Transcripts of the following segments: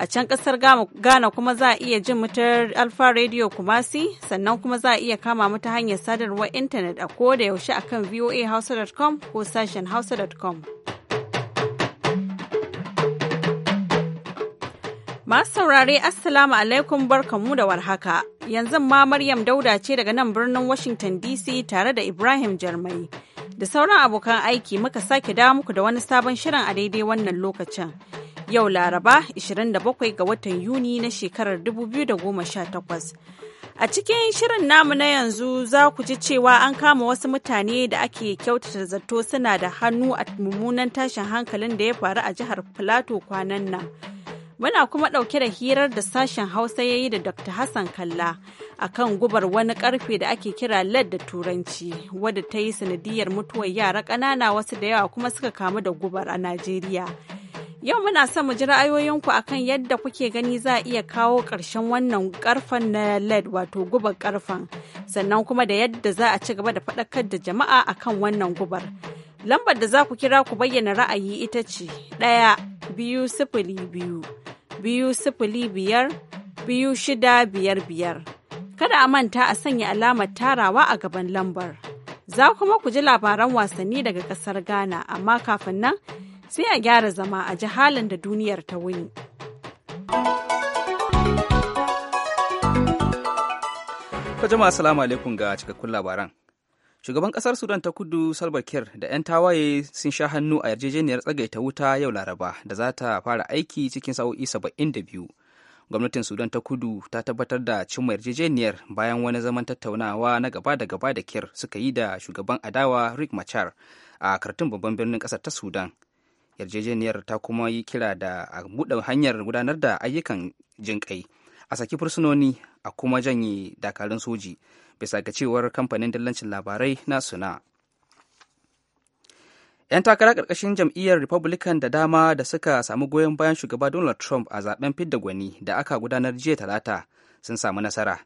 a can kasar ghana kuma za a iya jin mutar alfa radio kumasi sannan kuma za a iya kama mata hanyar sadarwar intanet a ko da yaushe akan voahouse.com ko sashen hausa.com Masu saurare Assalamu alaikum barkanmu da warhaka. Yanzu ma Maryam Dauda ce daga nan birnin Washington DC tare da Ibrahim Jarmai. Da sauran abokan aiki muka sake dawo muku da wani sabon shirin a daidai wannan lokacin. yau laraba 27 ga watan yuni na shekarar 2018 a cikin shirin namu na yanzu za ku ji cewa an kama wasu mutane da ake kyautata zato suna da hannu a mummunan tashin hankalin da ya faru a jihar plateau kwanan nan muna kuma ɗauke da hirar da sashen hausa ya yi da dr hassan kalla akan gubar wani karfe da ake kira led da turanci wadda ta yi sanadiyar mutuwar yara ƙanana wasu da yawa kuma suka kamu da gubar a najeriya Yau muna son mu ji ra'ayoyinku akan yadda kuke gani za a iya kawo ƙarshen wannan ƙarfan na LED wato gubar ƙarfan), sannan kuma da yadda za a ci gaba da faɗakar da jama'a akan wannan gubar. Lambar da za ku kira ku bayyana ra'ayi ita ce ɗaya biyu sifili biyu biyu sifili biyar biyu shida biyar biyar. Kada a manta a sanya alamar tarawa a gaban lambar. Za kuma ku ji labaran wasanni daga ƙasar Ghana amma kafin nan sai a gyara zama a ji halin da duniyar ta wuni. jama'a asalamu alaikum ga cikakkun labaran. Shugaban ƙasar Sudan ta kudu Salva Kiir da 'yan tawaye sun sha hannu a yarjejeniyar tsagaita wuta yau Laraba da za ta fara aiki cikin sa'o'i saba'in da biyu. Gwamnatin Sudan ta kudu ta tabbatar da cimma yarjejeniyar bayan wani zaman tattaunawa na gaba da gaba da Kiir suka yi da shugaban adawa Rick Machar a kartun babban birnin ƙasar ta Sudan. yarjejeniyar ta kuma yi kira da a buɗe hanyar gudanar da ayyukan jinƙai a saki fursunoni a kuma janye dakarun soji bisa ga cewar kamfanin dillancin labarai na suna 'yan takara ƙarƙashin jam'iyyar republican da dama da suka samu goyon bayan shugaba donald trump a zaben fidda gwani da aka gudanar jiya talata sun samu nasara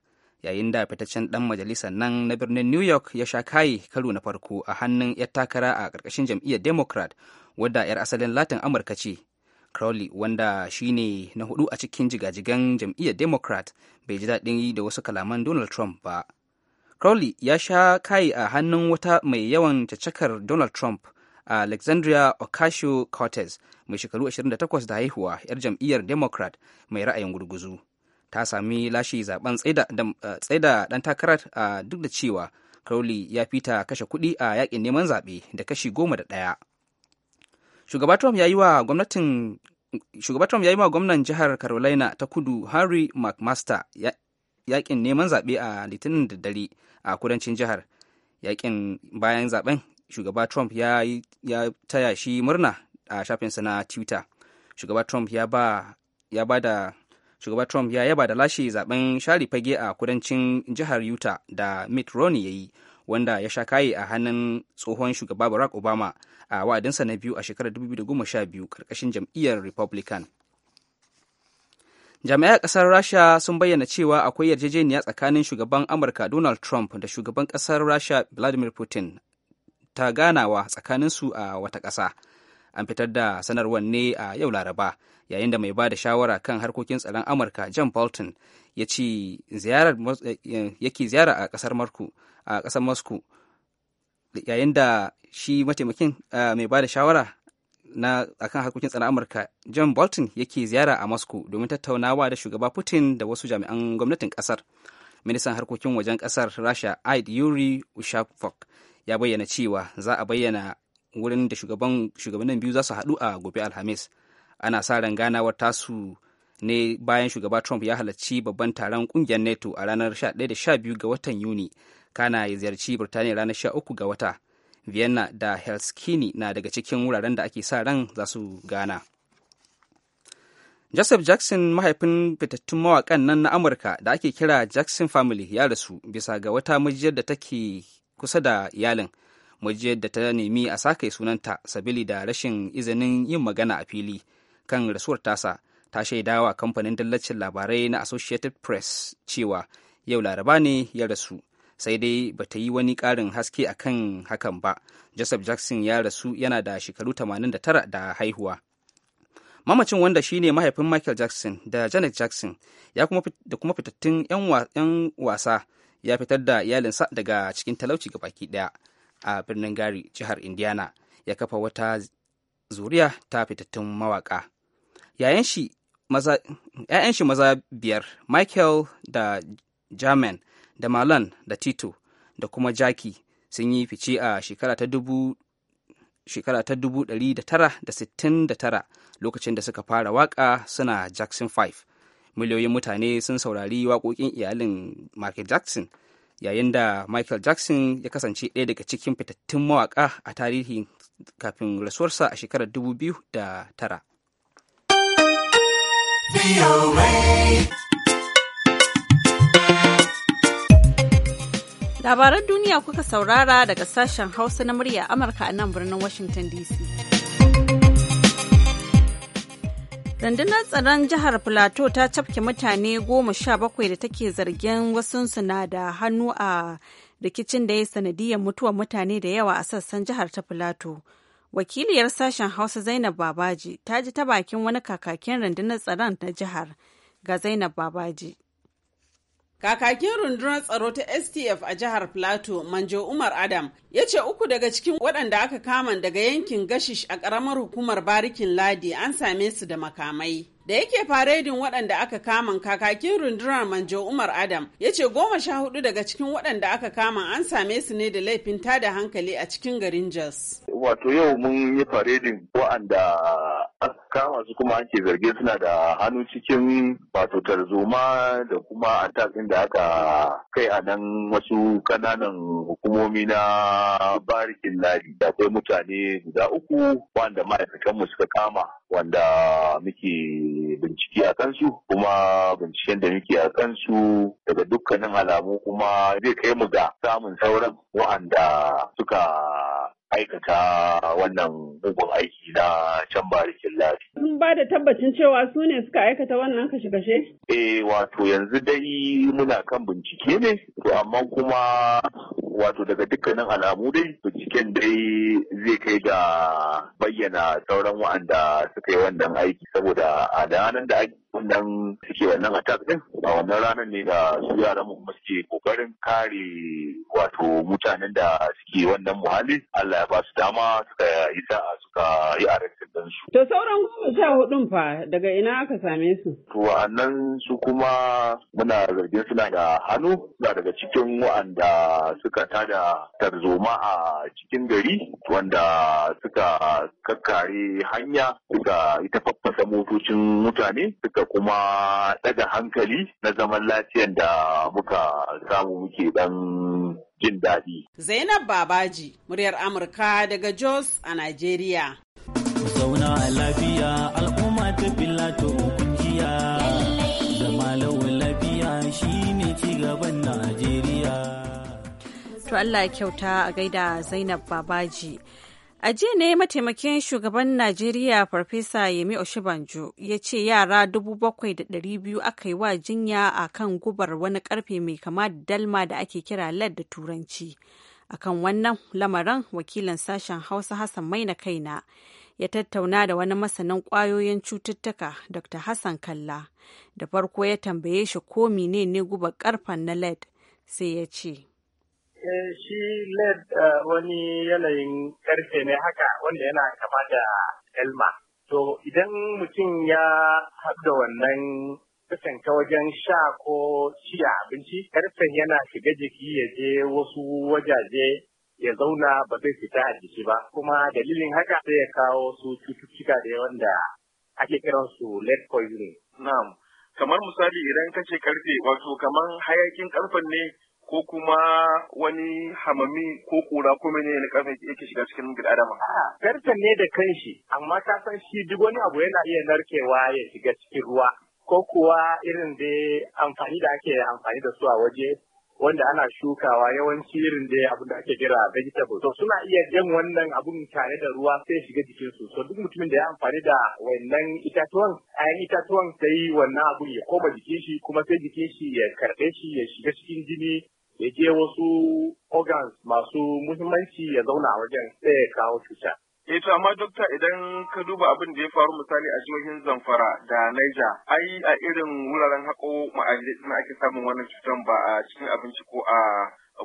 yayin da fitaccen dan majalisar nan na birnin new york ya sha kayi karo na farko a hannun 'yan takara a ƙarƙashin jam'iyyar democrat wadda 'yar asalin latin amurka ce crowley wanda shi ne na hudu a cikin jigajigan jam'iyyar democrat bai ji daɗin yi da wasu kalaman donald trump ba crowley ya sha kai a hannun wata mai yawan cacakar donald trump a alexandria ocasio cortez mai shekaru 28 da haihuwa 'yar jam'iyyar democrat mai ra'ayin gurguzu ta sami lashe zaben tsaida dan eh, takarar ah, duk da cewa crowley ya fita kashe kuɗi a yakin neman zaɓe da kashi goma da ɗaya shugaba trump ya yi wa gwamnan jihar carolina ta kudu harry mcmaster yakin neman zaɓe a litinin da dare a kudancin jihar yakin bayan zaben shugaba trump ya, taya shi murna a shafinsa na twitter shugaba trump ya ya ba da shugaba trump ya yaba da lashe zaben shari fage a kudancin jihar utah da mitt romney ya yi wanda ya sha kaye a hannun tsohon shugaba barack obama a wa'adinsa na biyu a shekarar 2012 karkashin jam'iyyar republican jami'ai a ƙasar rasha sun bayyana cewa akwai yarjejeniya tsakanin shugaban amurka donald trump da shugaban ƙasar rasha vladimir putin ta ganawa tsakaninsu a wata ƙasa an fitar da sanarwar ne a yau laraba yayin da mai ba da shawara kan harkokin tsaron amurka john bolton ya ce eh, ziyara a kasar a kasar moscow yayin da shi mataimakin eh, mai ba da shawara na akan harkokin tsaron amurka john bolton yake ziyara a moscow domin tattaunawa da shugaba putin da wasu jami'an gwamnatin kasar ministan harkokin wajen kasar rasha aid yuri ushakov ya bayyana cewa za a bayyana wurin da shugaban shugabannin biyu za su haɗu a gobe alhamis ana sa ran ganawar tasu ne bayan shugaba trump ya halarci babban taron kungiyar nato a ranar 11 da 12 ga watan yuni kana ya ziyarci birtaniya ranar 13 ga wata vienna da helsinki na daga cikin wuraren da ake sa ran za su gana joseph jackson mahaifin fitattun mawakan nan na amurka da ake kira jackson family ya rasu bisa ga wata majiyar da take kusa da iyalin majiyar da ta nemi a sake sunanta sabili da rashin izinin yin magana a fili kan rasuwar tasa ta shaidawa kamfanin dallacin labarai na associated press cewa yau laraba ne ya rasu sai dai ba ta yi wani ƙarin haske a kan hakan ba joseph jackson ya rasu yana da shekaru 89 da haihuwa mamacin wanda shine mahaifin michael jackson da janet jackson ya kuma da kuma fitattun 'yan wasa ya fitar da iyalinsa daga cikin talauci ga baki daya a birnin gari jihar indiana ya kafa wata zuriya ta fitattun mawaka yayan shi maza biyar michael da german da malon da tito da kuma jaki sun yi fice a shekara ta dubu shekara ta tara lokacin da suka fara waka suna jackson 5 miliyoyin mutane sun saurari waƙoƙin iyalin michael jackson yayin da michael jackson ya kasance ɗaya daga cikin fitattun mawaƙa a tarihi kafin rasuwarsa a shekarar 2009 labaran duniya kuka saurara daga sashen hausa na murya amurka a nan birnin washington dc Rundunar tsaron jihar Plateau ta cafke mutane goma sha bakwai da take zargin wasu na da hannu a rikicin da ya sanadiyar mutuwar mutane da yawa a sassan jihar ta Plateau. Wakiliyar sashen Hausa Zainab Babaji ta ji ta bakin wani kakakin rundunar tsaron na jihar ga Zainab Babaji. Kakakin rundunar tsaro ta STF a jihar Plateau, Manjo Umar Adam, ya ce uku daga cikin waɗanda aka kama daga yankin gashish a ƙaramar hukumar barikin ladi an same su da makamai da yake faredin waɗanda aka kaman kakakin rundunar manjo umar adam ya ce goma sha hudu daga cikin waɗanda aka kaman an same su ne da laifin tada hankali a cikin garin jos wato yau mun yi faredin waɗanda aka kama su kuma ake zarge suna da hannu cikin wato tarzoma da kuma atakin da aka kai a nan wasu ƙananan hukumomi na barikin ladi da akwai mutane guda uku wanda ma'aikatanmu suka kama wanda muke bincike a kansu kuma binciken da muke a kansu daga dukkanin alamu kuma zai kai mu ga samun sauran wa'anda suka aikata wannan mugun aiki na can barikin lafi. Mun ba da tabbacin cewa su ne suka aikata wannan kashe-kashe? Eh wato yanzu dai muna kan bincike ne, to amma kuma wato daga dukkanin alamu dai binciken dai zai kai ga bayyana sauran wa'anda suka yi wannan aiki saboda a da ake wannan suke wannan attack din a wannan ranar ne da su yaran mu kuma suke kokarin kare wato mutanen da suke wannan muhalli Allah ya ba su dama suka yi sa'a suka yi arrest din su to sauran sha hudun fa daga ina aka same su to wa'annan su kuma muna zargin suna da hannu suna daga cikin wa'anda suka tada tarzoma a cikin gari wanda suka kakkare hanya suka ita faffasa motocin mutane suka da kuma ɗaga hankali na zaman lafiyan da muka samu muke ɗan jin daɗi. Zainab Babaji, muryar Amurka daga Jos a Najeriya. Zauna a lafiya al'umma ta fila filato kungiya. Zama lawan lafiya shi ci cigaban Najeriya. To Allah ya kyauta a gaida Zainab Babaji. A jiya ne mataimakin shugaban Najeriya Farfesa Yemi Oshibanjo ya ce yara dubu bakwai da ɗari biyu aka yi wa jinya a kan gubar wani karfe mai kama da dalma da ake kira led da turanci. A kan wannan lamarin Wakilin sashen Hausa Hassan Maina kaina ya tattauna da wani masanin kwayoyin cututtuka Dr. Hassan Kalla. Da farko ya tambaye shi ko menene gubar karfen na led sai ya ce. Eh, shi led eh, wani yanayin karfe ne haka wanda yana kama da elma to idan mutum ya haɗa wannan wannan ka wajen sha ko ciya abinci karfe yana shiga jiki ya je wasu wajaje ya zauna ba zai fita a jiki ba kuma dalilin haka sai ya kawo su cututtuka da wanda ake kiransu lead poisoning na'am kamar misali idan ka ce karfe wato kamar hayakin karfen ne ko kuma wani hamami ko kura ko ne ne kafin yake shiga cikin bil adama. Tartan ne da kanshi amma ta san shi duk wani abu yana iya narkewa ya shiga cikin ruwa ko kuwa irin da amfani da ake amfani da su a waje wanda ana shukawa yawanci irin da abin da ake kira vegetable to suna iya jan wannan abun tare da ruwa sai shiga jikin su so duk mutumin da ya amfani da wannan itatuwan ayan itatuwan sai wannan abun ya koma jikin shi kuma sai jikin shi ya karbe shi ya shiga cikin jini ya je wasu organs masu muhimmanci ya zauna a wajen sai ya kawo cuta. e to amma dokta idan ka duba abin da ya faru misali a jihohin Zamfara da Niger ai a irin wuraren haƙo ma'ajiyar ake samun wannan cutar ba a cikin abinci ko a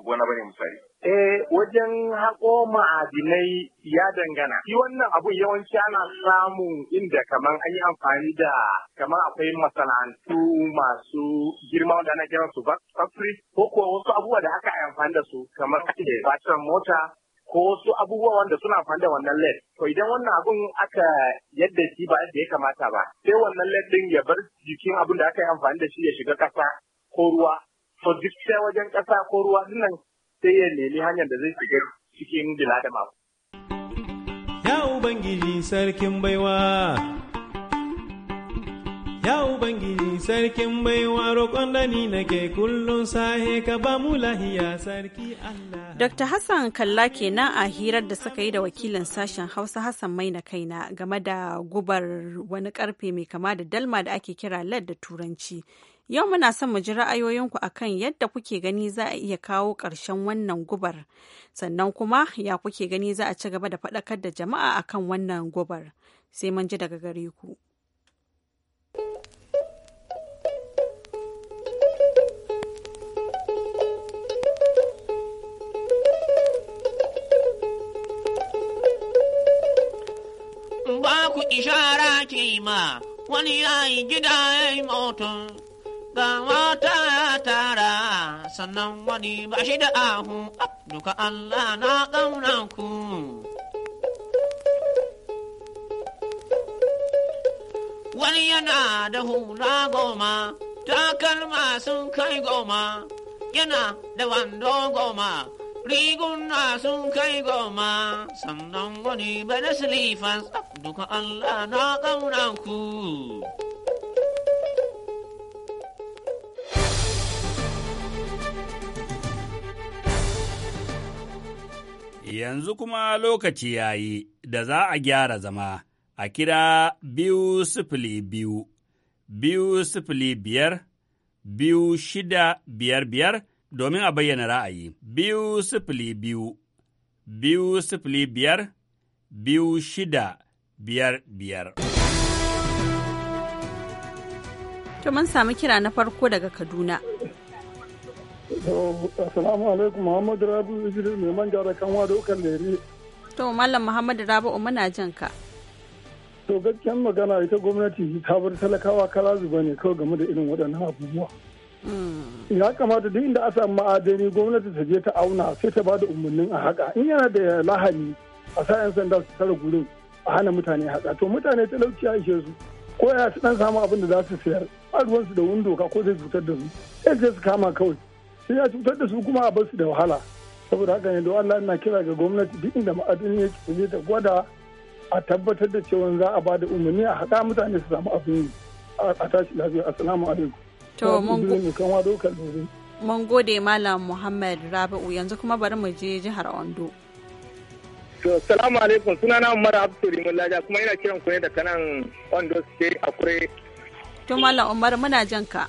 gona bane misali. Eh, wajen haƙo ma'adinai ya dangana. Shi wannan abu yawanci ana samu inda kamar an yi amfani da kamar akwai masana'antu masu girma wanda ana kira su factory ko kuwa wasu abubuwa da aka yi amfani da su kamar batiran mota ko wasu abubuwa wanda suna amfani da wannan led. To idan wannan abun aka yadda shi ba yadda ya kamata ba, sai wannan led din ya bar jikin abun da aka yi amfani da shi ya shiga ƙasa ko ruwa. To duk wajen ƙasa ko ruwa nan sai ya nemi hanyar da zai shiga cikin biladama. Ya Ubangiji sarkin baiwa, Ya Ubangiji sarkin baiwa roƙon da nake kullum sahe ka ba mu lahiya sarki Allah. Dr. Hassan Kalla kenan a hirar da suka yi da wakilin sashen Hausa Hassan mai na kaina game da gubar wani karfe mai kama da dalma da ake kira LED da Turanci. Yau muna son mu ji ra'ayoyinku akan yadda kuke gani za a iya kawo ƙarshen wannan gubar, sannan kuma ya kuke gani za a ci gaba da faɗakar da jama'a akan wannan gubar. Sai mun ji daga gare ku. Ba ku ishara ke ma wani yayi gida ya yi ga mata ya tara sannan wani ba shi da ahu duka Allah na ƙauna ku. Wani yana da hula goma, takalma sun kai goma, yana da wando goma, riguna sun kai goma, sannan wani ba da silifas duka Allah na ƙauna ku. Yanzu kuma lokaci ya yi da za a gyara zama a kira biyu sifili biyu, biyu sifili biyar, biyu shida biyar biyar domin a bayyana ra'ayi. Biyu sifili biyu, biyu sifili biyar, biyu shida biyar biyar. Tumin mun samu kira na farko daga Kaduna. Assalamu alaikum Muhammadu Rabu Idris mai manja da kanwa da ukan lere. To Mallam Muhammadu Rabu muna jan ka. To magana ita gwamnati ta bar talakawa kala zuba ne kawai game da irin waɗannan abubuwa. Hmm. Ya kamata duk inda a samu ma'adani gwamnati ta je ta auna sai ta bada umarnin a haka in yana da lahani a sa 'yan sanda su tara gurin a hana mutane haka to mutane talauci a ishe su ko ya su dan samu abin da za su sayar a da wani doka ko zai cutar da su sai su kama kawai sai ya cutar da su kuma a basu da wahala saboda haka ne don Allah ina kira ga gwamnati duk inda ma'adin ya ce ta gwada a tabbatar da cewa za a bada umarni a haɗa mutane su samu abin a tashi lafiya assalamu alaikum to mun mun gode malam muhammad rabi'u yanzu kuma bari mu je jihar ondo to assalamu alaikum sunana umar abdu rimullaja kuma ina kiran ku ne da kanan ondo state akure to malam umar muna jan ka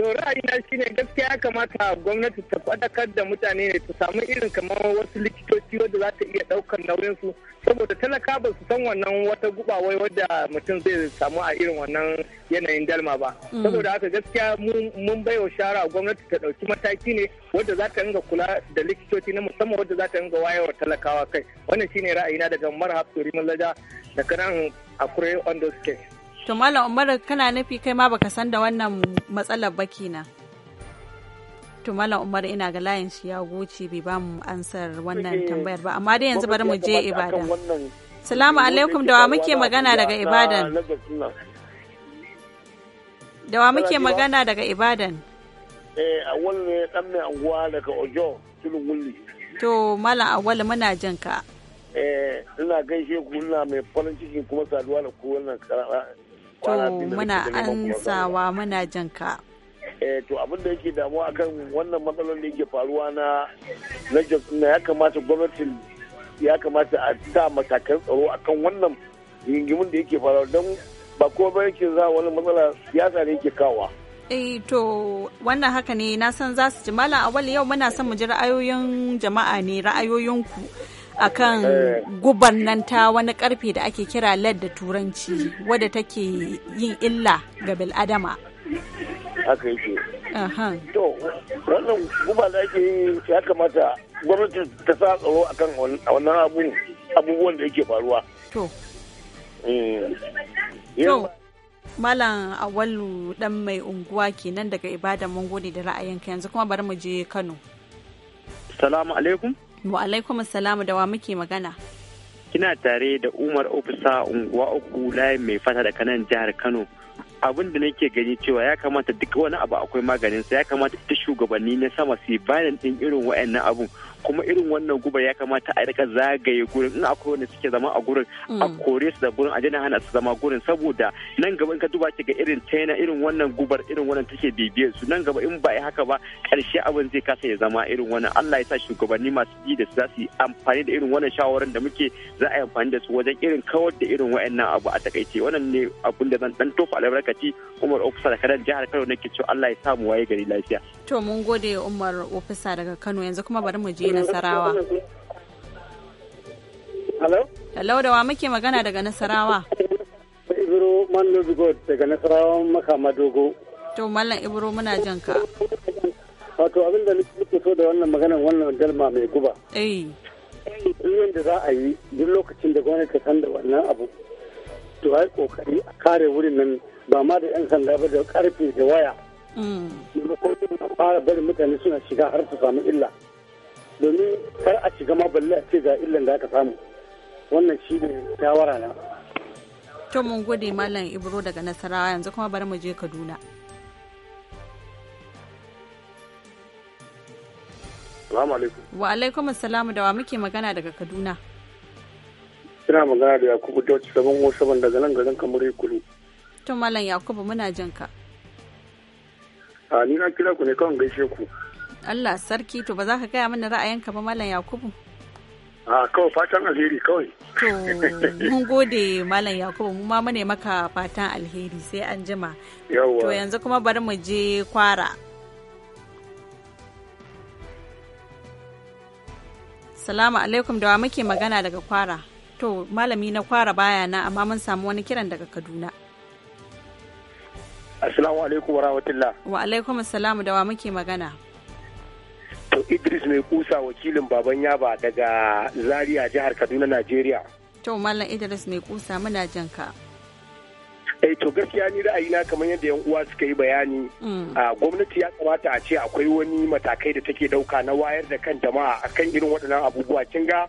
to ra'ayina shine gaskiya ya kamata gwamnati ta faɗakar da mutane ne ta samu irin kamar wasu likitoci wadda za ta iya ɗaukar nauyinsu saboda talaka ba su san wannan wata guba wai wadda mutum zai samu a irin wannan yanayin dalma ba mm. saboda haka gaskiya mun baiwa shara gwamnati ta ɗauki mataki ne wadda za ta ringa kula da likitoci na musamman wadda za ta ringa wayewar talakawa kai wannan shine ra'ayina daga marhab turimin lada da kanan akure on the stage to malam umar kana nufi kai ma baka san da wannan matsalar ba kenan to malam umar ina ga layin shi ya goce bai ba mu ansar wannan tambayar ba amma dai yanzu bari mu je ibada salamu alaikum da wa muke magana daga ibadan da wa muke magana daga ibadan eh awal ne dan mai anguwa daga ojo tulun wulli to malam awal muna jin ka eh ina gaishe ku ina mai farin ciki kuma saduwa da ku wannan to muna ansawa muna jin eh to abin da yake damuwa akan wannan matsalar da yake faruwa na na ya kamata gwamnatin ya kamata a sa matakan tsaro akan wannan yingimin da yake faruwa don ba ko ba yake za wani matsala siyasa ne yake kawa eh to wannan haka ne na san za su ji malam awali yau muna son mu ji ra'ayoyin jama'a ne ra'ayoyinku ku akan eh. guban wani karfe da ake kira led da turanci wadda take yin illa ga bil'adama haka yake to wannan guba da ake yi ya kamata gwamnati ta sa tsaro kan wannan abubuwan da yake faruwa to eh. Malam Awalu dan mai unguwa kenan daga Ibadan mun gode da ra'ayinka yanzu kuma bari mu je Kano. Salamu alaikum. Wa alaikum da wa muke magana. Kina tare da Umar Ofisa unguwa uku layin mai fata da kanan jihar Kano. abin da nake gani cewa ya kamata duk wani abu akwai maganinsa ya kamata ita shugabanni na sama su bayan din irin wa'annan abun kuma irin wannan guba ya kamata a rika zagaye gurin in akwai wanda suke zama a gurin a mm. kore su da gurin a jina hana su zama gurin saboda nan gaba in ka duba ki ga irin taina irin wannan gubar irin wannan take bibiyar su nan gaba in ba yi haka ba karshe abin zai kasa ya zama irin wannan Allah ya sa shugabanni masu ji da su za su yi amfani da irin wannan shawaran da muke za a yi amfani da su wajen irin kawar da irin wa'annan abu a takaice wannan ne abin da zan dan tofa albarkaci Umar Ofisa da kadan jihar Kano nake cewa Allah ya sa mu waye gari lafiya to mun gode Umar Ofisa daga Kano yanzu kuma bari mu je Nasarawa. Hello? Hello da wa muke magana daga Nasarawa? Ibro Mallo Bigot daga Nasarawa Makama Dogo. To Mallam Ibro muna jan ka. Wato abin da nake so da wannan maganar wannan dalma mai guba. Eh. Duk da za a yi duk lokacin da gwamnati ta san da wannan abu. To ai kokari a kare wurin nan ba ma da 'yan sanda ba da karfe da waya. Mm. Maimakon fara bari mutane suna shiga har su samu illa. domin kar a shiga ma balle a ce ga illan da aka samu wannan shi ne shawara na to mun gode malam ibro daga nasarawa yanzu kuma bari mu je kaduna Salamu alaikum. Wa alaikum assalamu da wa muke magana daga Kaduna. Ina magana da Yakubu Dauci saban wasaban daga nan garin Kamar Kulu. To Malam Yakubu muna jin ka. A ni na kira ku ne kawai gaishe ku. Allah sarki to ba za ka gaya mana ra'ayinka ba Malam Yakubu. A kawai fatan alheri kawai. To mun gode Malam Yakubu mu ma mune maka fatan alheri sai an jima. To yanzu kuma bari mu je kwara. Salamu alaikum da wa muke magana daga kwara. To malami na kwara baya na amma mun samu wani kiran daga Kaduna. Assalamu alaikum wa rahmatullah. Wa alaikum assalamu da wa muke magana. Idris mai kusa wakilin baban yaba daga Zaria jihar Kaduna Najeriya. To Mallam Idris mai kusa muna jin ka. Eh to gaskiya ni ra'ayi na kamar yadda yan uwa suka yi bayani mm. a gwamnati ya kamata a ce akwai wani matakai da take dauka na wayar da kan jama'a akan irin waɗannan abubuwa kin ga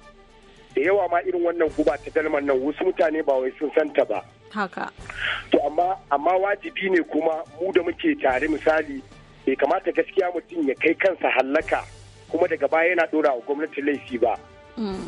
da yawa ma irin wannan guba ta dalman nan wasu mutane ba wai sun santa ba. Haka. To amma amma wajibi ne kuma mu da muke tare misali bai kamata gaskiya mutum ya kai kansa hallaka. kuma daga baya yana dora wa gwamnati laifi ba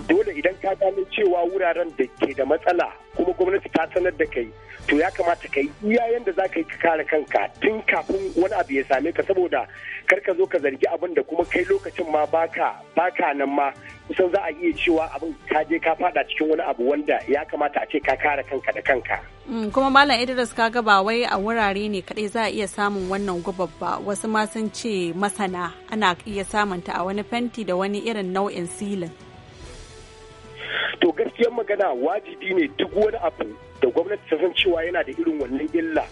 dole idan ka gano cewa wuraren da ke da matsala kuma gwamnati ta sanar da kai to ya kamata ka yi iya yanda za ka yi ka kare kanka tun kafin wani abu ya same ka saboda kar ka zo ka zargi abin da kuma kai lokacin ma baka baka nan ma kusan za a iya cewa abin ka je ka fada cikin wani abu wanda ya kamata a ce ka kare kanka da kanka. Mm, kuma malam idris ka ga ba wai a wurare ne kadai za a iya samun wannan gubar ba wasu ma sun ce masana ana iya samunta a wani fenti da wani irin nau'in silin. to gaskiyar magana wajibi ne duk wani abu da gwamnati ta san cewa yana da irin wannan illa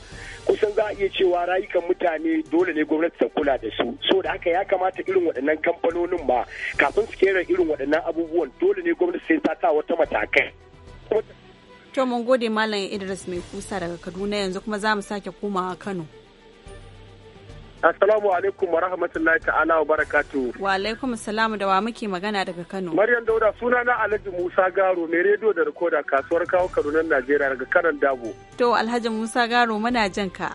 kusan za a iya cewa rayukan mutane dole ne gwamnati ta kula da su so da haka ya kamata irin waɗannan kamfanonin ma kafin su kera irin waɗannan abubuwan dole ne gwamnati sai ta sa wata matakai to mun gode malam idris mai kusa daga kaduna yanzu kuma za mu sake komawa kano Assalamu alaikum wa rahmatullahi ta'ala wa barakatu. Wa alaikum assalamu da wa muke magana daga Kano. Maryam Dauda suna na Alhaji Musa Garo mai rediyo da rikoda kasuwar kawo Kaduna Najeriya daga kanan Dabo. To Alhaji Musa Garo muna jan ka.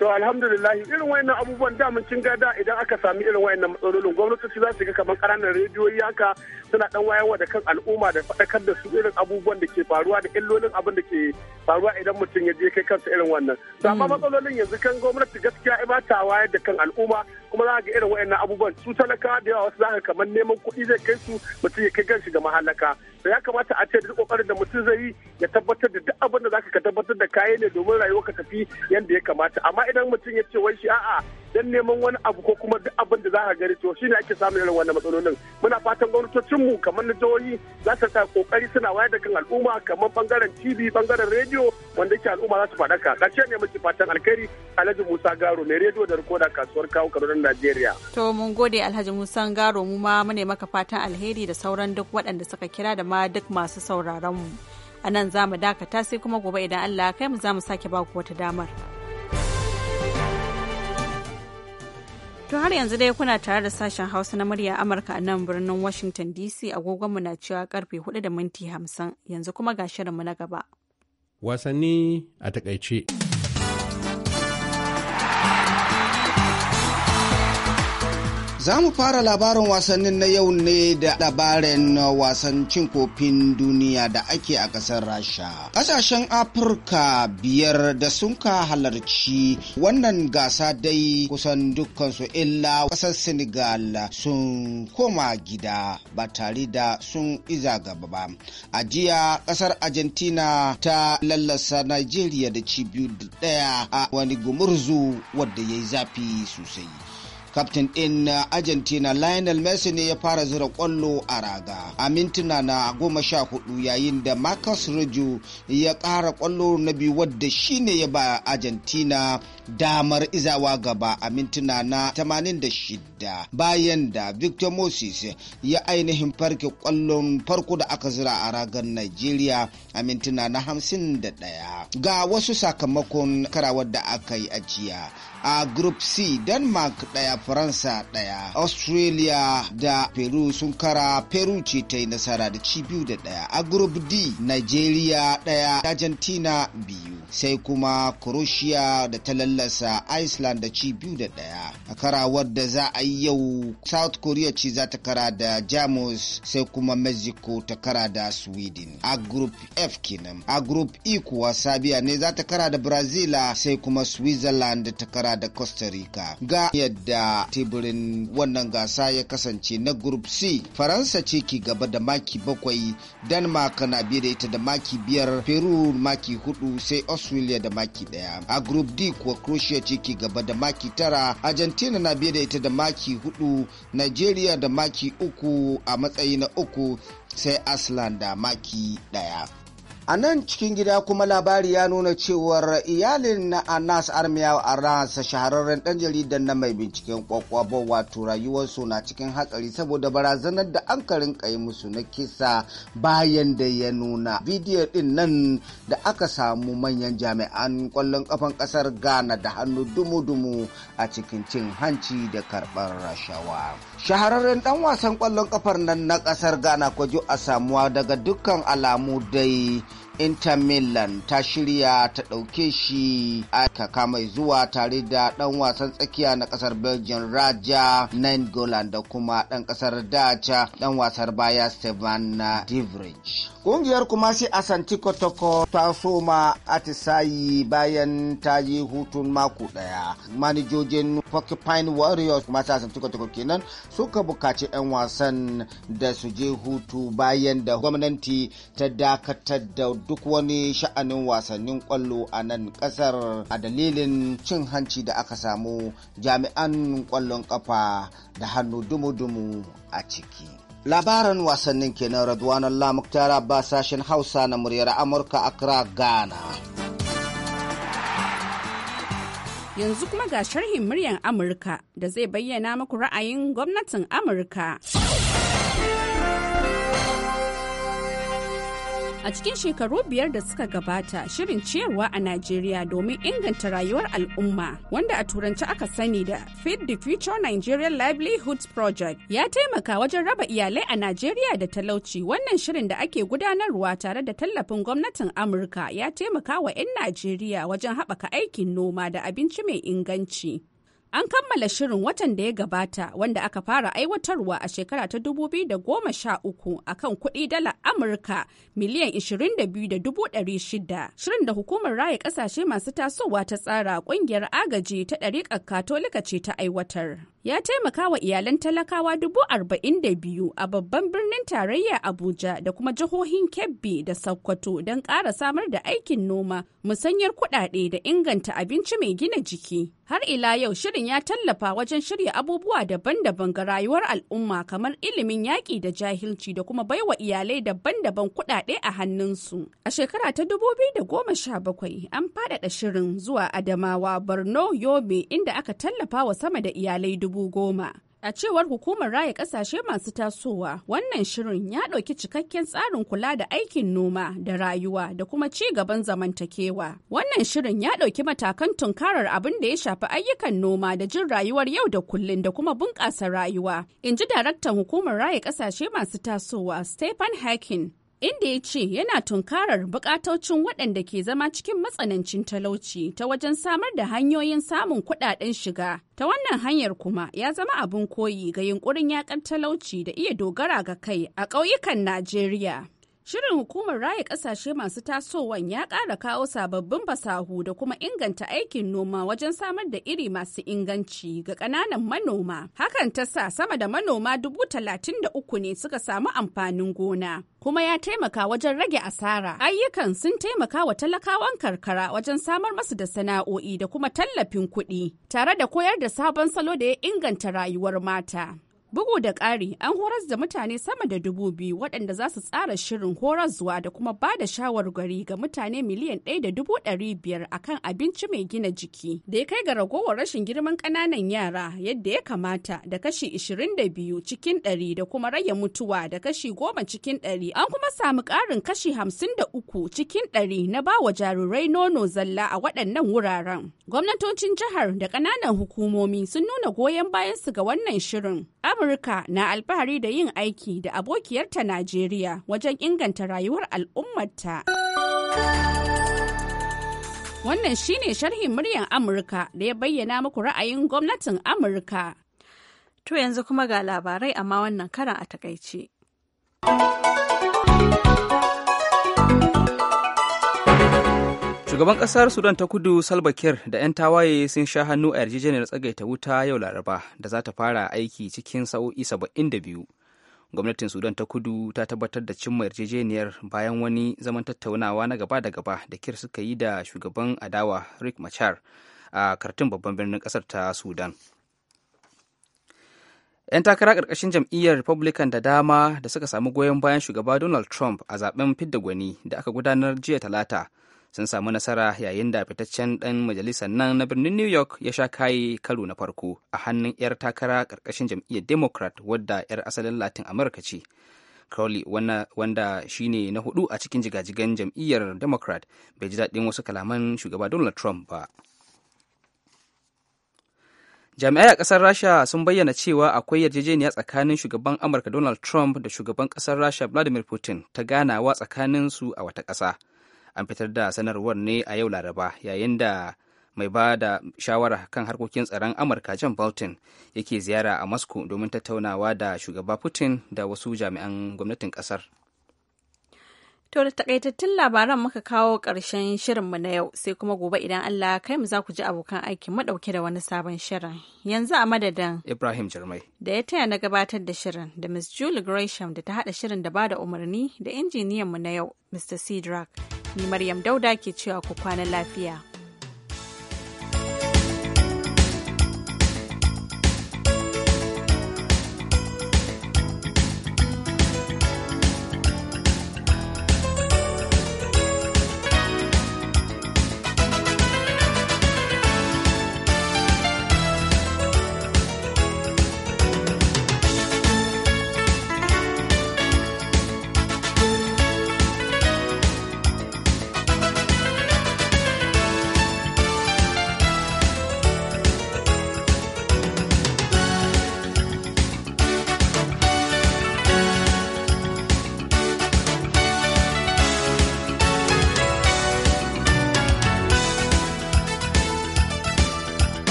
To alhamdulillah irin wayannan abubuwan da mun cin gada idan aka sami irin wayannan matsalolin gwamnatoci za su ga kamar ƙananan rediyoyi haka suna dan wayarwa da kan al'umma da faɗakar da su irin abubuwan da ke faruwa da illolin abin da ke faruwa idan mutum ya je kai kansa irin wannan. To amma hmm. matsalolin yanzu kan gwamnati gaskiya ba ta wayar da kan al'umma kuma za ga irin wayannan abubuwan su talakawa da yawa wasu za ka kamar neman kuɗi zai kai su mutum ya kai ganshi ga mahallaka To ya kamata a ce duk kokarin da mutum zai yi ya tabbatar da duk abin da za ka tabbatar da kayan ne domin rayuwa ka tafi yadda ya kamata amma idan mutum ya ce wai shi a'a dan neman wani abu ko kuma duk abin da za a gari to shine ake samun irin wannan matsalolin muna fatan gwamnatocin mu kamar na jihohi za su sa kokari suna wayar da kan al'umma kamar bangaren TV bangaren rediyo wanda yake al'umma za su faɗaka kace ne muke fatan alkhairi Alhaji Musa Garo mai rediyo da rikoda kasuwar kawo Kaduna Najeriya to mun gode Alhaji Musa Garo mu ma mune maka fatan alheri da sauran duk waɗanda suka kira da ma duk masu sauraron mu a nan za mu dakata sai kuma gobe idan Allah ya kai mu za mu sake baku wata damar. To har yanzu dai kuna tare da sashen Hausa na murya Amurka a nan birnin Washington DC agogonmu na cewa karfe 4 da minti 50 yanzu kuma ga shirinmu na gaba. Wasanni a takaice. Za mu fara labarin wasannin na yau ne da labarin wasan cin kofin duniya da ake a ƙasar Rasha. Ƙasashen Afirka biyar da sun ka halarci wannan gasa dai kusan dukkansu illa ƙasar Senegal sun koma gida ba tare da sun iza gaba ba. A jiya ƙasar Argentina ta lallasa Najeriya da cibiyu biyu ɗaya a wani gumurzu wadda ya yi zafi sosai. kaftin ɗin uh, argentina lionel messi ne ya fara zira kwallo a raga a mintuna na goma sha hudu yayin da marcus rojo ya kara kwallo na biyu wadda shine ya ba argentina damar izawa gaba a mintuna na 86 bayan da victor moses ya ainihin farke kwallon farko da aka zira a ragar nigeria a mintuna na 51 ga wasu sakamakon karawar da aka yi ajiya a group c denmark daya faransa daya australia da peru sun kara peru ce ta yi nasara da ci biyu da daya a group d nigeria daya argentina biyu sai kuma croatia da ta lallasa iceland da ci biyu da daya a karawar da za a yi yau south korea ce za ta kara da jamus sai kuma mexico ta kara da sweden a group f kenan a group e kuwa sabiya ne za ta kara da brazil sai kuma switzerland ta kara hada da costa rica ga yadda teburin wannan gasa ya kasance na group c faransa ce ke gaba da maki bakwai denmark na biye da ita da maki biyar peru maki hudu sai australia da maki daya a group d kuwa croatia ce ke gaba da maki tara argentina na biye da ita da maki hudu nigeria da maki uku a matsayi na uku sai aslan da maki daya A nan cikin gida kuma labari ya nuna cewar iyalin na Anas ran sa shahararren ɗan jaridan na mai binciken kwakwabo wato rayuwarsu na cikin hatsari saboda barazanar da an karin kai musu na kisa bayan da ya nuna bidiyo ɗin nan da aka samu manyan jami'an kwallon kafan ƙasar Ghana da hannu dumu-dumu a cikin cin hanci da karɓar rashawa. Shahararren ɗan wasan kwallon kafar nan na ƙasar Ghana kwajo a samuwa daga dukkan alamu dai inter milan ta shirya ta ɗauke shi aikaka mai zuwa tare da ɗan wasan tsakiya na ƙasar belgium raja nangolan da kuma ɗan ƙasar dacha ɗan wasar baya stefan divrich kungiyar kuma a Asanti Kotoko ta soma atisayi bayan ta yi hutun mako daya Manijojin Porcupine Warriors masu Asanti Kotoko kenan suka bukaci 'yan wasan da su je hutu bayan da gwamnati ta dakatar da duk wani sha'anin wasannin kwallo a nan kasar. a dalilin cin hanci da aka samu jami'an kwallon kafa da hannu dumu-dumu a ciki. Labaran wasannin kenan Radwan Allah ba sashen Hausa na muryar Amurka Accra, Ghana. Yanzu kuma ga sharhin muryar Amurka da zai bayyana muku ra'ayin gwamnatin Amurka. A cikin shekaru biyar da suka gabata shirin ciyarwa a Najeriya domin inganta rayuwar al'umma wanda a turanci aka sani da Feed the Future Nigerian Livelihoods Project ya taimaka wajen raba iyalai a Najeriya da talauci wannan shirin da ake gudanarwa tare da tallafin gwamnatin Amurka ya taimaka wa 'yan Najeriya wajen haɓaka aikin noma da abinci mai inganci. An kammala shirin watan da ya gabata wanda aka fara aiwatarwa a shekara ta 2013 a kan kuɗi dala Amurka miliyan 22,600. Shirin da hukumar raya ƙasashe masu tasowa ta tsara ƙungiyar agaji ta ɗariƙar Katolika ce ta aiwatar. ya taimaka wa iyalan talakawa dubu arba'in da biyu a babban birnin tarayya Abuja da kuma jihohin Kebbi da Sokoto don ƙara samar da aikin noma, musanyar kuɗaɗe da inganta abinci mai gina jiki. Har ila yau shirin ya tallafa wajen shirya abubuwa daban-daban ga rayuwar al'umma kamar ilimin yaƙi da jahilci da kuma baiwa iyalai daban-daban kuɗaɗe a hannunsu. A shekara ta dubu biyu da goma sha bakwai, an faɗaɗa shirin zuwa Adamawa, Borno, Yobe inda aka tallafa wa sama da iyalai dubu dubu A cewar hukumar raya kasashe masu tasowa, wannan shirin ya ɗauki cikakken tsarin kula da aikin noma da rayuwa da kuma ci gaban zamantakewa. Wannan shirin ya ɗauki matakan tunkarar abin da ya shafi ayyukan noma da jin rayuwar yau da kullun da kuma bunƙasa rayuwa. In ji daraktan hukumar raya kasashe masu tasowa, Stephen Hacking. inda ya ce yana tunkarar bukatocin waɗanda ke zama cikin matsanancin talauci ta wajen samar da hanyoyin samun kuɗaɗen shiga ta wannan hanyar kuma ya zama abin koyi ga yunkurin yakan talauci da iya dogara ga kai a ƙauyukan najeriya Shirin hukumar raya kasashe masu tasowan ya ƙara kawo sababbin fasahu da kuma inganta aikin noma wajen samar da iri masu inganci ga ƙananan manoma. Hakan ta sa sama da manoma dubu talatin da uku ne suka samu amfanin gona. Kuma ya taimaka wajen rage asara. Ayyukan sun taimaka wa talakawan karkara wajen samar masu da sana'o'i da kuma tallafin kuɗi, tare da koyar da sabon salo da ya inganta rayuwar mata. Bugu da ƙari an horas da mutane sama da dubu biyu waɗanda za su tsara shirin horaswa da kuma ba da shawarwari ga mutane miliyan ɗaya da dubu ɗari biyar akan abinci mai gina jiki da ya kai ga ragowar rashin girman ƙananan yara yadda ya kamata da kashi ishirin da biyu cikin ɗari da kuma rage mutuwa da kashi goma cikin ɗari an kuma samu ƙarin kashi hamsin da uku cikin ɗari na ba wa jarirai nono zalla a waɗannan wuraren. Gwamnatocin jihar da ƙananan hukumomi sun nuna goyon bayansu ga wannan shirin. Amurka na alfahari da yin aiki da abokiyarta Najeriya wajen inganta rayuwar al'ummarta. Wannan shine sharhin muryar Amurka da ya bayyana muku ra'ayin gwamnatin Amurka. To yanzu kuma ga labarai amma wannan karan a takaice. shugaban kasar sudan ta kudu salva kiir da 'yan tawaye sun sha hannu a yarjejeniyar tsagaita wuta yau laraba da za ta fara aiki cikin sa'o'i saba'in da biyu gwamnatin sudan ta kudu ta tabbatar da cimma yarjejeniyar bayan wani zaman tattaunawa na gaba da gaba da kir suka yi da shugaban adawa rick machar a kartun babban birnin kasar ta sudan 'yan takara ƙarƙashin jam'iyyar republican da dama da suka samu goyon bayan shugaba donald trump a zaben fidda gwani da aka gudanar jiya talata sun samu nasara yayin da fitaccen ɗan majalisar nan na birnin new york ya sha kayi karo na farko a hannun 'yar takara ƙarƙashin jam'iyyar democrat wadda 'yar asalin latin amurka ce crowley wanda shine na hudu a cikin jigajigan jam'iyyar democrat bai ji daɗin wasu kalaman shugaba donald trump ba jami'ai a ƙasar rasha sun bayyana cewa akwai yarjejeniya tsakanin shugaban amurka donald trump da shugaban ƙasar rasha vladimir putin ta ganawa tsakaninsu a wata ƙasa an fitar da sanarwar ne a yau laraba yayin da mai ba da shawara kan harkokin tsaron amurka john bolton yake ziyara a moscow domin tattaunawa da shugaba putin da wasu jami'an gwamnatin kasar To da takaitattun labaran muka kawo ƙarshen mu na yau sai kuma gobe idan Allah kai mu za ku ji abokan aikin madauke da wani sabon shirin. Yanzu a madadin Ibrahim jirmai da ya taya na gabatar da shirin da Miss Julie Gresham da ta haɗa shirin da ba da umarni da injiniyan mu na yau Mr. Cedric. Ni Maryam Dauda ke cewa ku kwana lafiya.